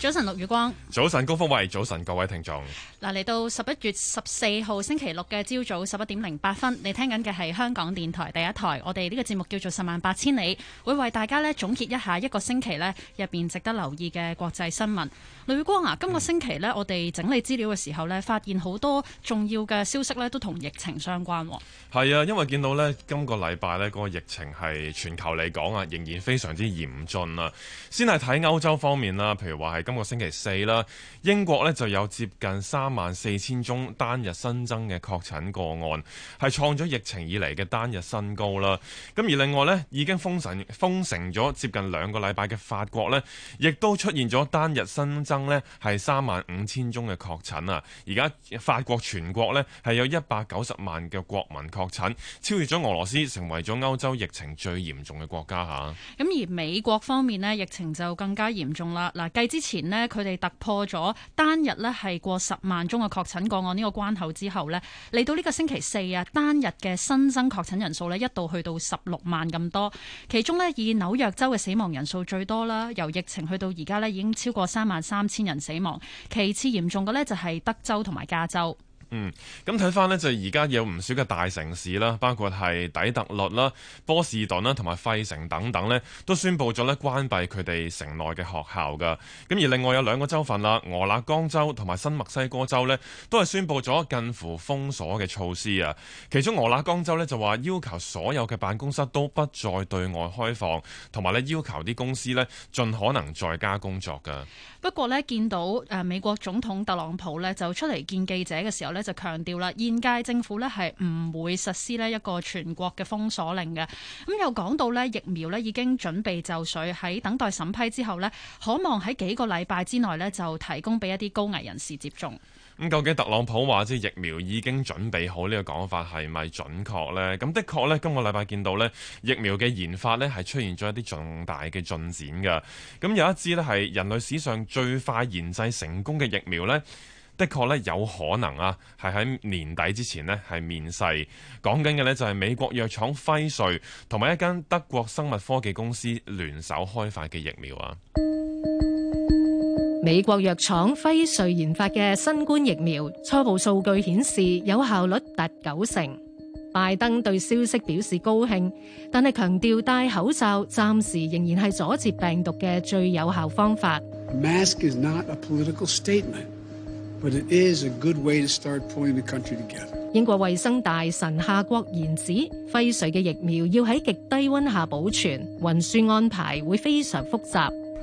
早晨，陸宇光。早晨，高福偉。早晨，各位聽眾。嗱、啊，嚟到十一月十四號星期六嘅朝早十一點零八分，你聽緊嘅係香港電台第一台。我哋呢個節目叫做《十萬八千里》，會為大家咧總結一下一個星期咧入邊值得留意嘅國際新聞。陸宇光啊，今個星期咧，嗯、我哋整理資料嘅時候咧，發現好多重要嘅消息咧，都同疫情相關、哦。係啊，因為見到咧今個禮拜呢、個疫情係全球嚟講啊，仍然非常之嚴峻啊。先係睇歐洲方面啦，譬如話係。今個星期四啦，英國呢就有接近三萬四千宗單日新增嘅確診個案，係創咗疫情以嚟嘅單日新高啦。咁而另外呢，已經封城封城咗接近兩個禮拜嘅法國呢，亦都出現咗單日新增呢係三萬五千宗嘅確診啊！而家法國全國呢係有一百九十萬嘅國民確診，超越咗俄羅斯，成為咗歐洲疫情最嚴重嘅國家吓。咁而美國方面呢，疫情就更加嚴重啦。嗱，繼之前。前呢，佢哋突破咗單日呢係過十萬宗嘅確診個案呢個關口之後呢，嚟到呢個星期四啊，單日嘅新增確診人數呢，一度去到十六萬咁多，其中呢，以紐約州嘅死亡人數最多啦，由疫情去到而家呢，已經超過三萬三千人死亡，其次嚴重嘅呢，就係德州同埋加州。嗯，咁睇翻呢，就而家有唔少嘅大城市啦，包括係底特律啦、波士頓啦、同埋費城等等呢，都宣布咗呢關閉佢哋城內嘅學校噶。咁而另外有兩個州份啦，俄勒岡州同埋新墨西哥州呢，都係宣布咗近乎封鎖嘅措施啊。其中俄勒岡州呢，就話要求所有嘅辦公室都不再對外開放，同埋呢要求啲公司呢盡可能在家工作噶。不過咧，見到誒美國總統特朗普咧就出嚟見記者嘅時候咧，就強調啦，現屆政府咧係唔會實施咧一個全國嘅封鎖令嘅。咁又講到咧疫苗咧已經準備就緒，喺等待審批之後咧，可望喺幾個禮拜之內咧就提供俾一啲高危人士接種。咁究竟特朗普話即疫苗已經準備好呢個講法係咪準確呢？咁的確呢，今個禮拜見到呢，疫苗嘅研發呢，係出現咗一啲重大嘅進展㗎。咁有一支呢係人類史上最快研製成功嘅疫苗呢，的確呢有可能啊，係喺年底之前呢，係面世。講緊嘅呢，就係美國藥廠輝瑞同埋一間德國生物科技公司聯手開發嘅疫苗啊。美國藥廠輝瑞研發嘅新冠疫苗初步數據顯示有效率達九成，拜登對消息表示高興，但係強調戴口罩暫時仍然係阻截病毒嘅最有效方法。A mask is not a political statement, but it is a good way to start putting the country together. 英國衛生大臣夏國言指，輝瑞嘅疫苗要喺極低溫下保存，運輸安排會非常複雜。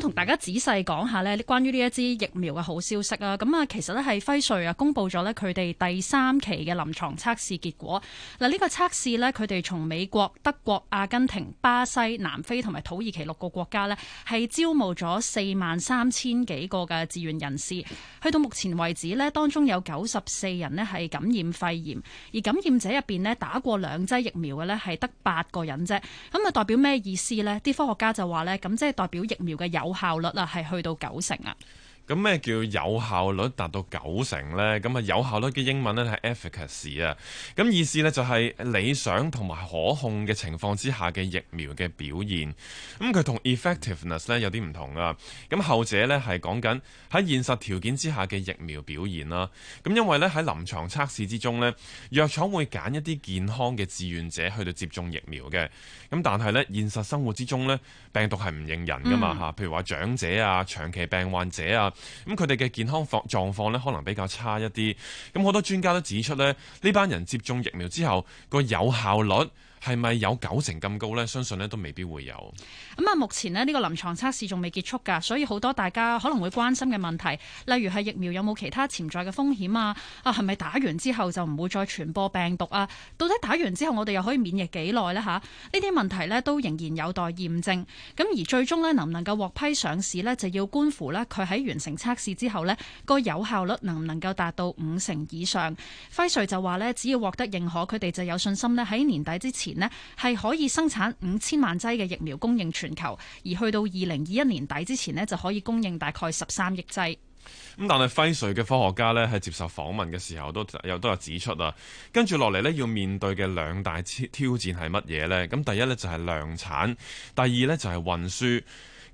同大家仔細講下呢，關於呢一支疫苗嘅好消息啊。咁啊，其實呢係輝瑞啊公布咗呢，佢哋第三期嘅臨床測試結果。嗱，呢個測試呢，佢哋從美國、德國、阿根廷、巴西、南非同埋土耳其六個國家呢，係招募咗四萬三千幾個嘅志願人士。去到目前為止呢，當中有九十四人呢係感染肺炎，而感染者入邊呢，打過兩劑疫苗嘅呢，係得八個人啫。咁啊，代表咩意思呢？啲科學家就話呢，咁即係代表疫苗嘅有。效率啊，係去到九成啊。咁咩叫有效率達到九成咧？咁啊有效率嘅英文咧係 efficacy 啊，咁意思咧就係理想同埋可控嘅情況之下嘅疫苗嘅表現，咁佢同 effectiveness 咧有啲唔同啊。咁後者咧係講緊喺現實條件之下嘅疫苗表現啦。咁因為咧喺臨床測試之中咧，藥廠會揀一啲健康嘅志願者去到接種疫苗嘅。咁但係咧現實生活之中咧，病毒係唔認人噶嘛吓，譬如話長者啊、長期病患者啊。咁佢哋嘅健康狀況呢，可能比較差一啲。咁好多專家都指出呢，呢班人接種疫苗之後，個有效率，係咪有九成咁高呢？相信呢都未必會有。咁啊、嗯，目前呢呢、這個臨床測試仲未結束噶，所以好多大家可能會關心嘅問題，例如係疫苗有冇其他潛在嘅風險啊？啊，係咪打完之後就唔會再傳播病毒啊？到底打完之後我哋又可以免疫幾耐呢？嚇、啊，呢啲問題呢都仍然有待驗證。咁而最終呢能唔能夠獲批上市呢？就要觀乎呢佢喺完成測試之後呢個有效率能唔能夠達到五成以上。輝瑞就話呢，只要獲得認可，佢哋就有信心呢喺年底之前。呢係可以生產五千萬劑嘅疫苗供應全球，而去到二零二一年底之前呢就可以供應大概十三億劑。咁但係輝瑞嘅科學家呢喺接受訪問嘅時候都有都有指出啊，跟住落嚟呢要面對嘅兩大挑挑戰係乜嘢呢？咁第一呢就係量產，第二呢就係運輸。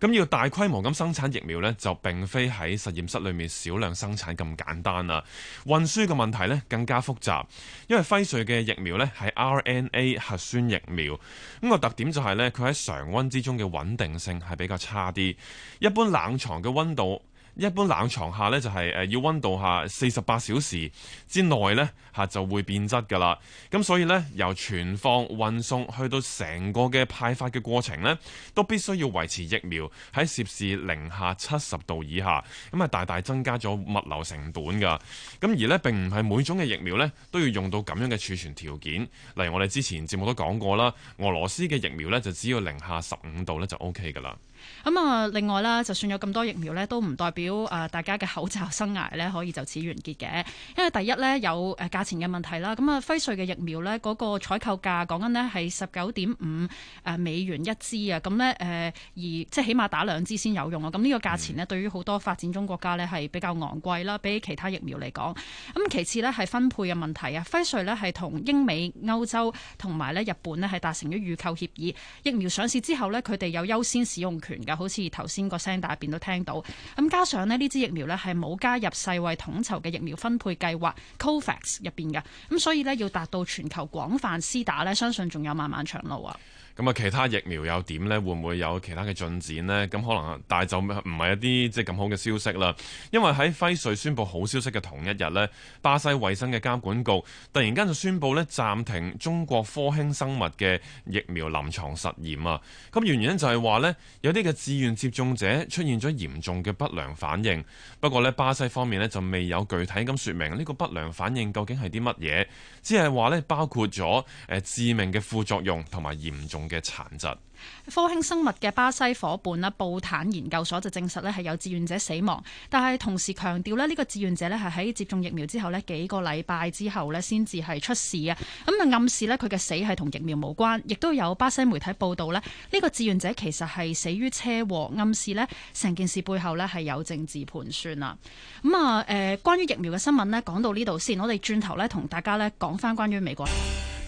咁要大規模咁生產疫苗呢，就並非喺實驗室裏面少量生產咁簡單啦。運輸嘅問題呢，更加複雜，因為輝瑞嘅疫苗呢係 RNA 核酸疫苗，咁個特點就係呢，佢喺常温之中嘅穩定性係比較差啲，一般冷藏嘅温度。一般冷藏下咧，就係誒要温度下四十八小時之內咧嚇就會變質㗎啦。咁所以咧，由存放、運送去到成個嘅派發嘅過程咧，都必須要維持疫苗喺攝氏零下七十度以下。咁啊，大大增加咗物流成本㗎。咁而咧並唔係每種嘅疫苗咧都要用到咁樣嘅儲存條件。例如我哋之前節目都講過啦，俄羅斯嘅疫苗咧就只要零下十五度咧就 OK 㗎啦。咁啊，另外啦，就算有咁多疫苗咧，都唔代表誒、呃、大家嘅口罩生涯咧可以就此完結嘅。因為第一咧有誒價錢嘅問題啦，咁啊輝瑞嘅疫苗咧嗰個採購價講緊咧係十九點五誒美元一支啊，咁咧誒而即係起碼打兩支先有用啊，咁呢個價錢咧對於好多發展中國家咧係比較昂貴啦，比起其他疫苗嚟講。咁其次咧係分配嘅問題啊，輝瑞咧係同英美歐洲同埋咧日本咧係達成咗預購協議，疫苗上市之後咧佢哋有優先使用權。好似頭先個聲帶入便都聽到，咁加上咧呢支疫苗咧係冇加入世衞統籌嘅疫苗分配計劃 COVAX 入邊嘅，咁所以咧要達到全球廣泛施打咧，相信仲有漫漫長路啊。咁啊，其他疫苗又點咧？會唔會有其他嘅進展咧？咁可能，但係就唔係一啲即係咁好嘅消息啦。因為喺輝瑞宣布好消息嘅同一日咧，巴西衛生嘅監管局突然間就宣布咧暫停中國科興生物嘅疫苗臨床實驗啊。咁原因就係話咧，有啲嘅自願接種者出現咗嚴重嘅不良反應，不過咧，巴西方面咧就未有具體咁說明呢個不良反應究竟係啲乜嘢，只係話咧包括咗誒致命嘅副作用同埋嚴重。嘅殘疾。科興生物嘅巴西伙伴啦，布坦研究所就證實咧係有志願者死亡，但係同時強調咧呢個志願者咧係喺接種疫苗之後咧幾個禮拜之後咧先至係出事啊，咁、嗯、啊暗示咧佢嘅死係同疫苗無關，亦都有巴西媒體報道咧呢、這個志願者其實係死於車禍，暗示咧成件事背後咧係有政治盤算啊，咁啊誒關於疫苗嘅新聞咧講到呢度先，我哋轉頭咧同大家咧講翻關於美國，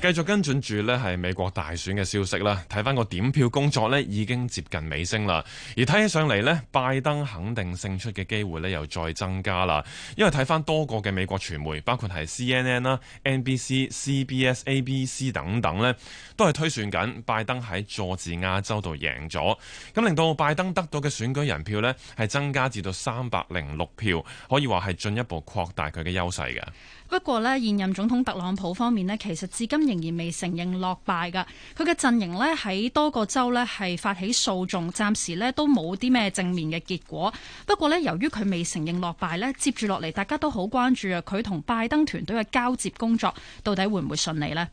繼續跟進住呢係美國大選嘅消息啦，睇翻個點票。工作咧已經接近尾聲啦，而睇起上嚟咧，拜登肯定勝出嘅機會咧又再增加啦。因為睇翻多個嘅美國傳媒，包括係 C N N 啦、N B C、C B S、A B C 等等咧，都係推算緊拜登喺佐治亞州度贏咗，咁令到拜登得到嘅選舉人票咧係增加至到三百零六票，可以話係進一步擴大佢嘅優勢嘅。不過呢，現任總統特朗普方面呢，其實至今仍然未承認落敗噶。佢嘅陣營呢，喺多個州呢係發起訴訟，暫時呢都冇啲咩正面嘅結果。不過呢，由於佢未承認落敗呢，接住落嚟大家都好關注佢同拜登團隊嘅交接工作到底會唔會順利呢？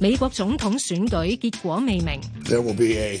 美國總統選舉結果未明。There will be a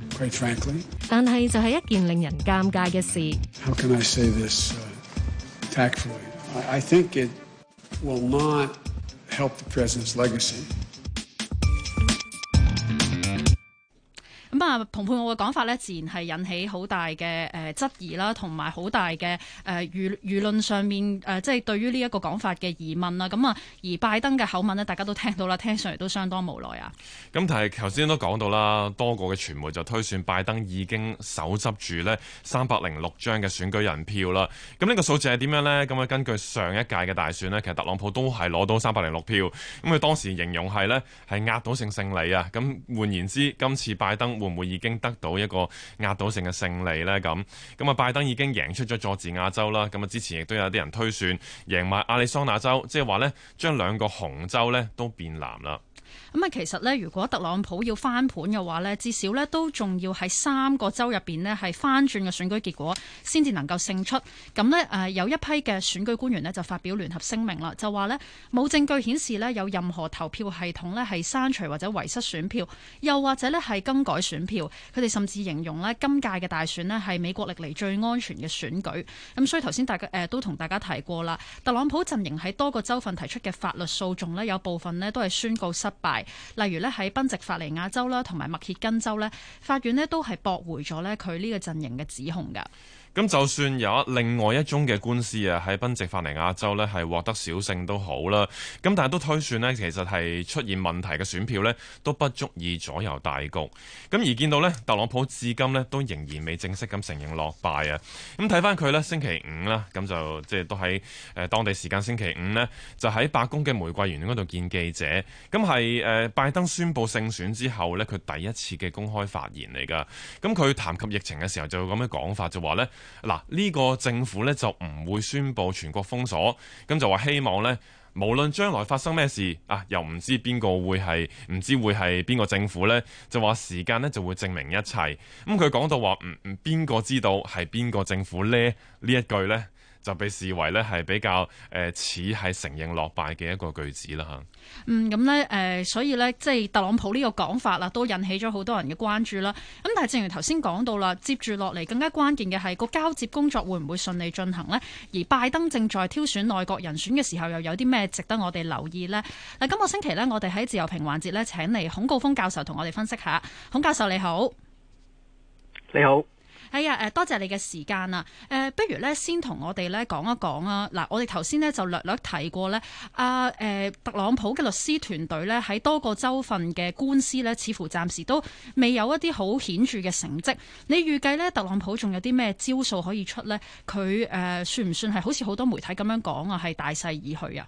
Quite frankly. 但係就係一件令人尷尬嘅事。How can I say this tactfully? I think it will not help the president's legacy. 咁啊，蓬佩奧嘅講法咧，自然係引起好大嘅誒質疑啦，同埋好大嘅誒輿輿論上面誒即係對於呢一個講法嘅疑問啦。咁啊，而拜登嘅口吻咧，大家都聽到啦，聽上嚟都相當無奈啊。咁但係頭先都講到啦，多個嘅傳媒就推算拜登已經手執住咧三百零六張嘅選舉人票啦。咁呢個數字係點樣咧？咁啊，根據上一屆嘅大選咧，其實特朗普都係攞到三百零六票。咁佢當時形容係咧，係壓倒性勝利啊。咁換言之，今次拜登換。會已經得到一個壓倒性嘅勝利呢，咁咁啊，拜登已經贏出咗佐治亞州啦，咁啊之前亦都有啲人推算贏埋亞利桑那州，即係話呢將兩個紅州呢都變藍啦。咁啊，其實呢，如果特朗普要翻盤嘅話，呢至少呢都仲要喺三個州入邊呢，係翻轉嘅選舉結果先至能夠勝出。咁呢誒，有一批嘅選舉官員呢，就發表聯合聲明啦，就話呢冇證據顯示呢有任何投票系統呢，係刪除或者遺失選票，又或者呢，係更改選票。佢哋甚至形容呢今屆嘅大選呢，係美國歷嚟最安全嘅選舉。咁所以頭先大家誒、呃、都同大家提過啦，特朗普陣營喺多個州份提出嘅法律訴訟呢，有部分呢都係宣告失敗，例如咧喺賓夕法尼亞州啦，同埋麥歇根州呢，法院呢都係駁回咗呢佢呢個陣營嘅指控噶。咁就算有另外一宗嘅官司啊，喺賓夕法尼亞州呢係獲得小勝都好啦。咁但係都推算呢，其實係出現問題嘅選票呢都不足以左右大局。咁而見到呢，特朗普至今呢都仍然未正式咁承認落敗啊。咁睇翻佢呢星期五啦，咁就即係都喺誒當地時間星期五呢，就喺白宮嘅玫瑰園嗰度見記者。咁係誒拜登宣布勝選之後呢，佢第一次嘅公開發言嚟㗎。咁佢談及疫情嘅時候就咁樣講法，就話呢。嗱，呢個政府呢就唔會宣佈全國封鎖，咁就話希望呢，無論將來發生咩事啊，又唔知邊個會係，唔知會係邊個政府呢，就話時間呢就會證明一切。咁佢講到話，唔唔邊個知道係邊個政府呢？呢一句呢。就被視為咧係比較誒似係承認落敗嘅一個句子啦嚇。嗯，咁咧誒，所以呢，即係特朗普呢個講法啦，都引起咗好多人嘅關注啦。咁但係正如頭先講到啦，接住落嚟更加關鍵嘅係個交接工作會唔會順利進行呢？而拜登正在挑選內閣人選嘅時候，又有啲咩值得我哋留意呢？嗱，今個星期呢，我哋喺自由評環節呢，請嚟孔誥烽教授同我哋分析下。孔教授你好，你好。你好。哎呀，誒多謝你嘅時間啊！誒、呃，不如咧先同我哋咧講一講啊！嗱，我哋頭先咧就略略提過咧，阿、啊、誒、呃、特朗普嘅律師團隊咧喺多個州份嘅官司咧，似乎暫時都未有一啲好顯著嘅成績。你預計咧特朗普仲有啲咩招數可以出咧？佢誒、呃、算唔算係好似好多媒體咁樣講啊？係大勢已去啊！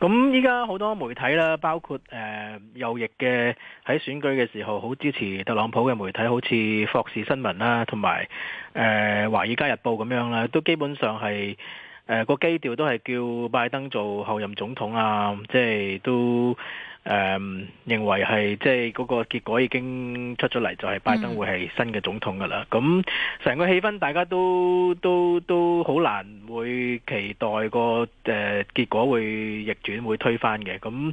咁依家好多媒體啦，包括誒、呃、右翼嘅喺選舉嘅時候好支持特朗普嘅媒體，好似霍士新聞啦，同埋誒華爾街日報咁樣啦，都基本上係誒、呃個基調都係叫拜登做候任總統啊，即係都。誒，um, 認為係即係嗰個結果已經出咗嚟，就係拜登會係新嘅總統㗎喇。咁成、嗯、個氣氛，大家都都都好難會期待個誒、呃、結果會逆轉會推翻嘅。咁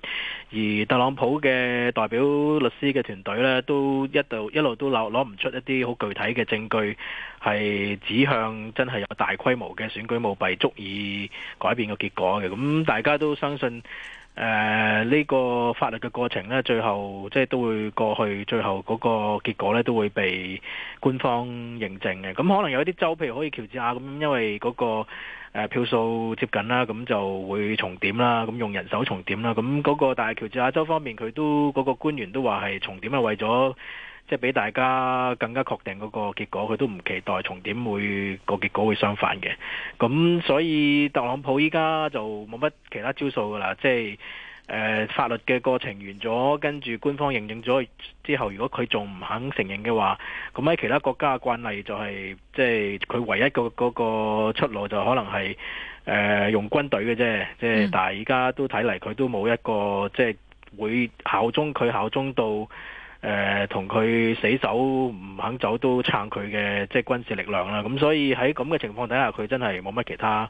而特朗普嘅代表律師嘅團隊呢，都一度一路都攞攞唔出一啲好具體嘅證據，係指向真係有大規模嘅選舉舞弊足以改變個結果嘅。咁大家都相信。誒，呢、呃這個法律嘅過程呢，最後即係都會過去，最後嗰個結果呢，都會被官方認證嘅。咁、嗯、可能有啲州，譬如可以喬治亞咁、嗯，因為嗰、那個、呃、票數接近啦，咁、嗯、就會重點啦，咁、嗯、用人手重點啦。咁、嗯、嗰、那個但係喬治亞州方面，佢都嗰、那個官員都話係重點係為咗。即係俾大家更加確定嗰個結果，佢都唔期待重點會、個結果會相反嘅。咁所以特朗普依家就冇乜其他招數噶啦。即係、呃、法律嘅過程完咗，跟住官方認證咗之後，如果佢仲唔肯承認嘅話，咁喺其他國家嘅慣例就係、是、即係佢唯一個嗰個出路就可能係誒、呃、用軍隊嘅啫。即係但係而家都睇嚟佢都冇一個即係會效忠佢效忠到。誒同佢死守唔肯走都撐佢嘅，即係軍事力量啦，咁、嗯、所以喺咁嘅情況底下，佢真係冇乜其他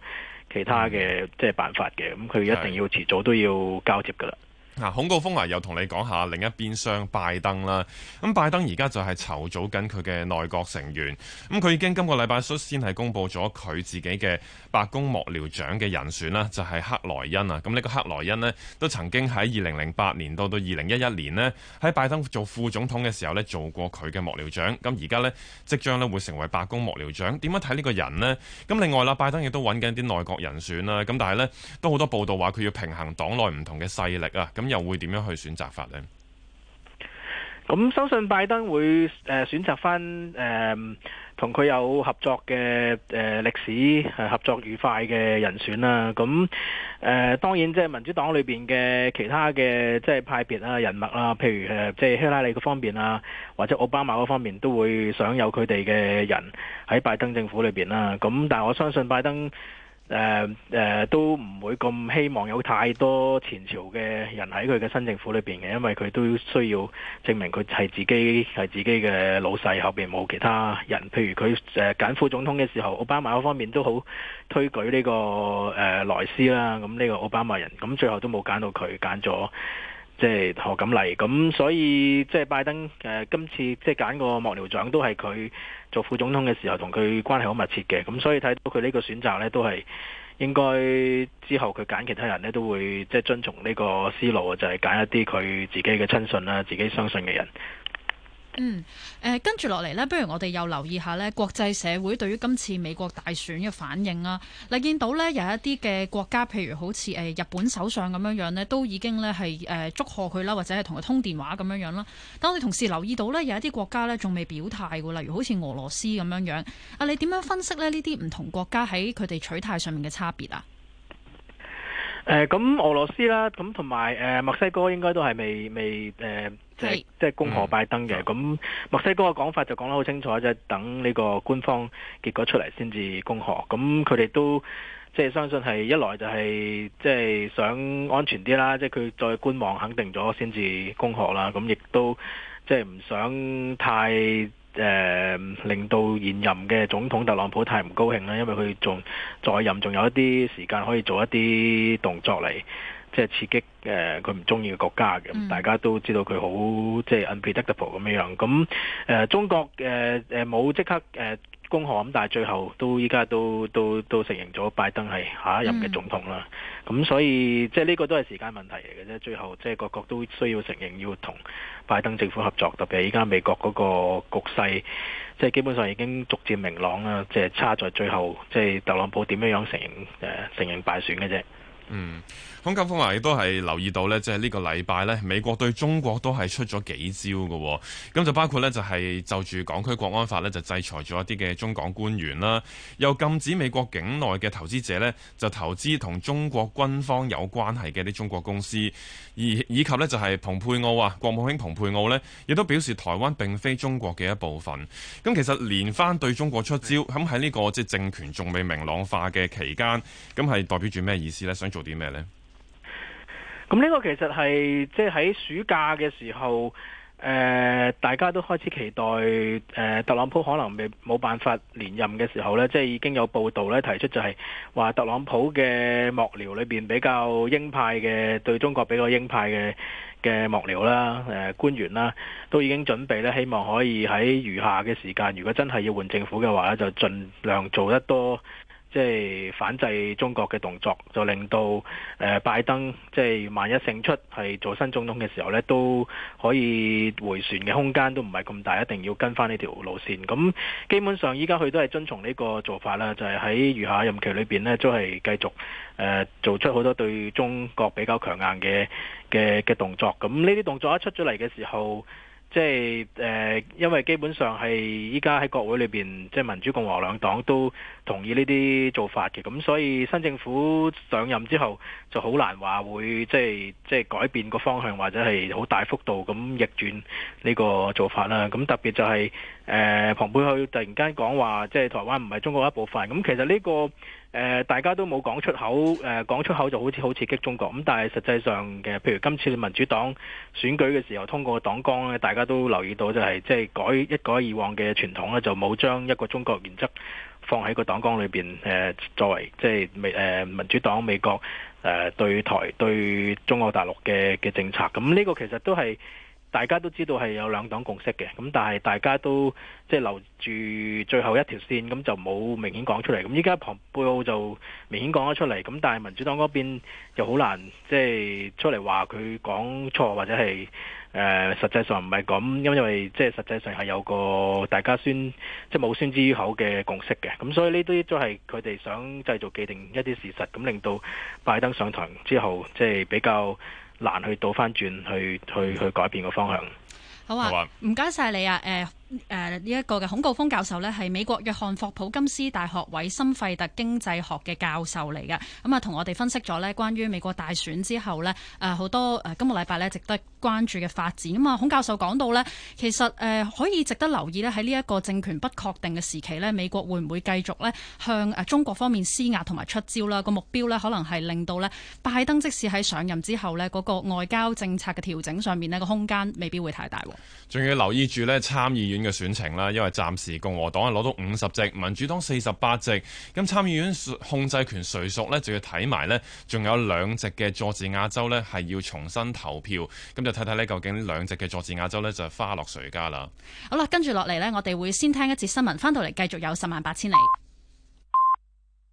其他嘅即係辦法嘅，咁、嗯、佢一定要遲早都要交接噶啦。啊，孔誥烽啊，又同你講下另一邊廂拜登啦。咁拜登而家就係籌組緊佢嘅內閣成員。咁佢已經今個禮拜率先係公佈咗佢自己嘅白宮幕僚長嘅人選啦，就係、是、克萊恩啊。咁呢個克萊恩呢，都曾經喺二零零八年到到二零一一年呢，喺拜登做副總統嘅時候呢，做過佢嘅幕僚長。咁而家呢，即將呢會成為白宮幕僚長。點樣睇呢個人呢？咁另外啦，拜登亦都揾緊啲內閣人選啦。咁但係呢，都好多報道話佢要平衡黨內唔同嘅勢力啊。咁又會點樣去選擇法呢？咁相信拜登會誒、呃、選擇翻誒同佢有合作嘅誒歷史、呃、合作愉快嘅人選啦。咁、啊、誒、呃、當然即係民主黨裏邊嘅其他嘅即係派別啊人物啦、啊，譬如誒即係希拉里嗰方面啊，或者奧巴馬嗰方面都會想有佢哋嘅人喺拜登政府裏邊啦。咁、啊、但係我相信拜登。誒誒、uh, uh, 都唔會咁希望有太多前朝嘅人喺佢嘅新政府裏邊嘅，因為佢都需要證明佢係自己係自己嘅老細，後邊冇其他人。譬如佢誒揀副總統嘅時候，奧巴馬嗰方面都好推舉呢個誒、uh, 萊斯啦，咁呢個奧巴馬人，咁最後都冇揀到佢，揀咗。即係何錦麗，咁所以即係拜登誒、呃、今次即係揀個幕僚長都係佢做副總統嘅時候同佢關係好密切嘅，咁所以睇到佢呢個選擇呢，都係應該之後佢揀其他人呢，都會即係遵從呢個思路啊，就係、是、揀一啲佢自己嘅親信啦，自己相信嘅人。嗯，誒、呃，跟住落嚟咧，不如我哋又留意下咧，國際社會對於今次美國大選嘅反應啦、啊。嗱，見到咧有一啲嘅國家，譬如好似誒日本首相咁樣樣咧，都已經咧係誒祝賀佢啦，或者係同佢通電話咁樣樣啦。但我哋同時留意到咧，有一啲國家咧仲未表態，例如好似俄羅斯咁樣樣。啊，你點樣分析咧呢啲唔同國家喺佢哋取態上面嘅差別啊？誒咁，呃、俄羅斯啦，咁同埋誒墨西哥應該都係未未誒，呃、是即係即係恭賀拜登嘅。咁墨、嗯、西哥嘅講法就講得好清楚，即係等呢個官方結果出嚟先至恭賀。咁佢哋都即係相信係一來就係、是、即係想安全啲啦，即係佢再觀望肯定咗先至恭賀啦。咁亦都即係唔想太。誒、呃、令到現任嘅總統特朗普太唔高興啦，因為佢仲在任，仲有一啲時間可以做一啲動作嚟，即係刺激誒佢唔中意嘅國家嘅。嗯、大家都知道佢好即係 unpredictable 咁樣樣。咁、呃、誒中國誒誒冇即刻誒。呃共、嗯、但係最後都依家都都都承認咗拜登係下一任嘅總統啦。咁所以即係呢個都係時間問題嚟嘅啫。最後即係各國都需要承認要同拜登政府合作，特別係依家美國嗰個局勢，即係基本上已經逐漸明朗啦。即係差在最後，即係特朗普點樣樣承認誒、呃、承認敗選嘅啫。嗯。孔誥烽亦都係留意到呢，即係呢個禮拜呢，美國對中國都係出咗幾招嘅。咁就包括呢，就係就住港區國安法呢，就制裁咗一啲嘅中港官員啦，又禁止美國境內嘅投資者呢，就投資同中國軍方有關係嘅啲中國公司，而以及呢，就係蓬佩奧啊，國務卿蓬佩奧呢，亦都表示台灣並非中國嘅一部分。咁其實連番對中國出招，咁喺呢個即係政權仲未明朗化嘅期間，咁係代表住咩意思呢？想做啲咩呢？咁呢個其實係即係喺暑假嘅時候，誒、呃、大家都開始期待，誒、呃、特朗普可能未冇辦法連任嘅時候呢，即係已經有報道呢，提出就係、是、話特朗普嘅幕僚裏邊比較鷹派嘅，對中國比較鷹派嘅嘅幕僚啦、誒、呃、官員啦，都已經準備呢，希望可以喺餘下嘅時間，如果真係要換政府嘅話呢，就盡量做得多。即係反制中國嘅動作，就令到誒、呃、拜登即係、就是、萬一勝出係做新總統嘅時候呢，都可以迴旋嘅空間都唔係咁大，一定要跟翻呢條路線。咁基本上依家佢都係遵從呢個做法啦，就係、是、喺餘下任期裏邊呢，都、就、係、是、繼續誒、呃、做出好多對中國比較強硬嘅嘅嘅動作。咁呢啲動作一出咗嚟嘅時候。即係誒、呃，因為基本上係依家喺國會裏邊，即係民主共和兩黨都同意呢啲做法嘅，咁所以新政府上任之後就，就好難話會即係即係改變個方向，或者係好大幅度咁逆轉呢個做法啦。咁特別就係、是、誒，蓬、呃、佩奧突然間講話，即係台灣唔係中國一部分。咁其實呢、這個。誒、呃、大家都冇講出口，誒、呃、講出口就好似好刺激中國咁。但係實際上嘅，譬如今次民主黨選舉嘅時候通過黨綱咧，大家都留意到就係即係改一改以往嘅傳統咧，就冇將一個中國原則放喺個黨綱裏邊。誒、呃、作為即係美誒民主黨美國誒、呃、對台對中國大陸嘅嘅政策，咁呢個其實都係。大家都知道係有兩黨共識嘅，咁但係大家都即係留住最後一條線，咁就冇明顯講出嚟。咁依家蓬佩奧就明顯講咗出嚟，咁但係民主黨嗰邊又好難即係出嚟話佢講錯或者係誒、呃、實際上唔係咁，因為即係實際上係有個大家宣即係冇宣之於口嘅共識嘅。咁所以呢啲都係佢哋想製造既定一啲事實，咁令到拜登上台之後即係比較。難去倒翻轉，去去去改變個方向。好啊，唔該晒你啊，誒、呃。誒呢一個嘅孔誥烽教授呢，係美國約翰霍普金斯大學韋森費特經濟學嘅教授嚟嘅，咁啊同我哋分析咗呢關於美國大選之後呢，誒、呃、好多誒今個禮拜呢，值得關注嘅發展。咁、嗯、啊、嗯，孔教授講到呢，其實誒、呃、可以值得留意呢，喺呢一個政權不確定嘅時期呢，美國會唔會繼續呢向誒中國方面施壓同埋出招啦？這個目標呢，可能係令到呢拜登即使喺上任之後呢，嗰、那個外交政策嘅調整上面呢，那個空間未必會太大。仲要留意住呢參議院。嘅選情啦，因為暫時共和黨係攞到五十席，民主黨四十八席，咁參議院控制權誰屬呢？就要睇埋呢仲有兩席嘅佐治亞州呢係要重新投票，咁就睇睇呢，究竟兩席嘅佐治亞州呢就係花落誰家啦。好啦，跟住落嚟呢，我哋會先聽一節新聞，翻到嚟繼續有十萬八千里。